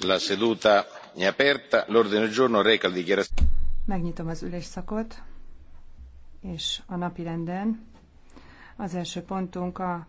La seduta è aperta. L'ordine del giorno reca dichiarazione. Megnyitom az ülésszakot, és a napirenden az első pontunk a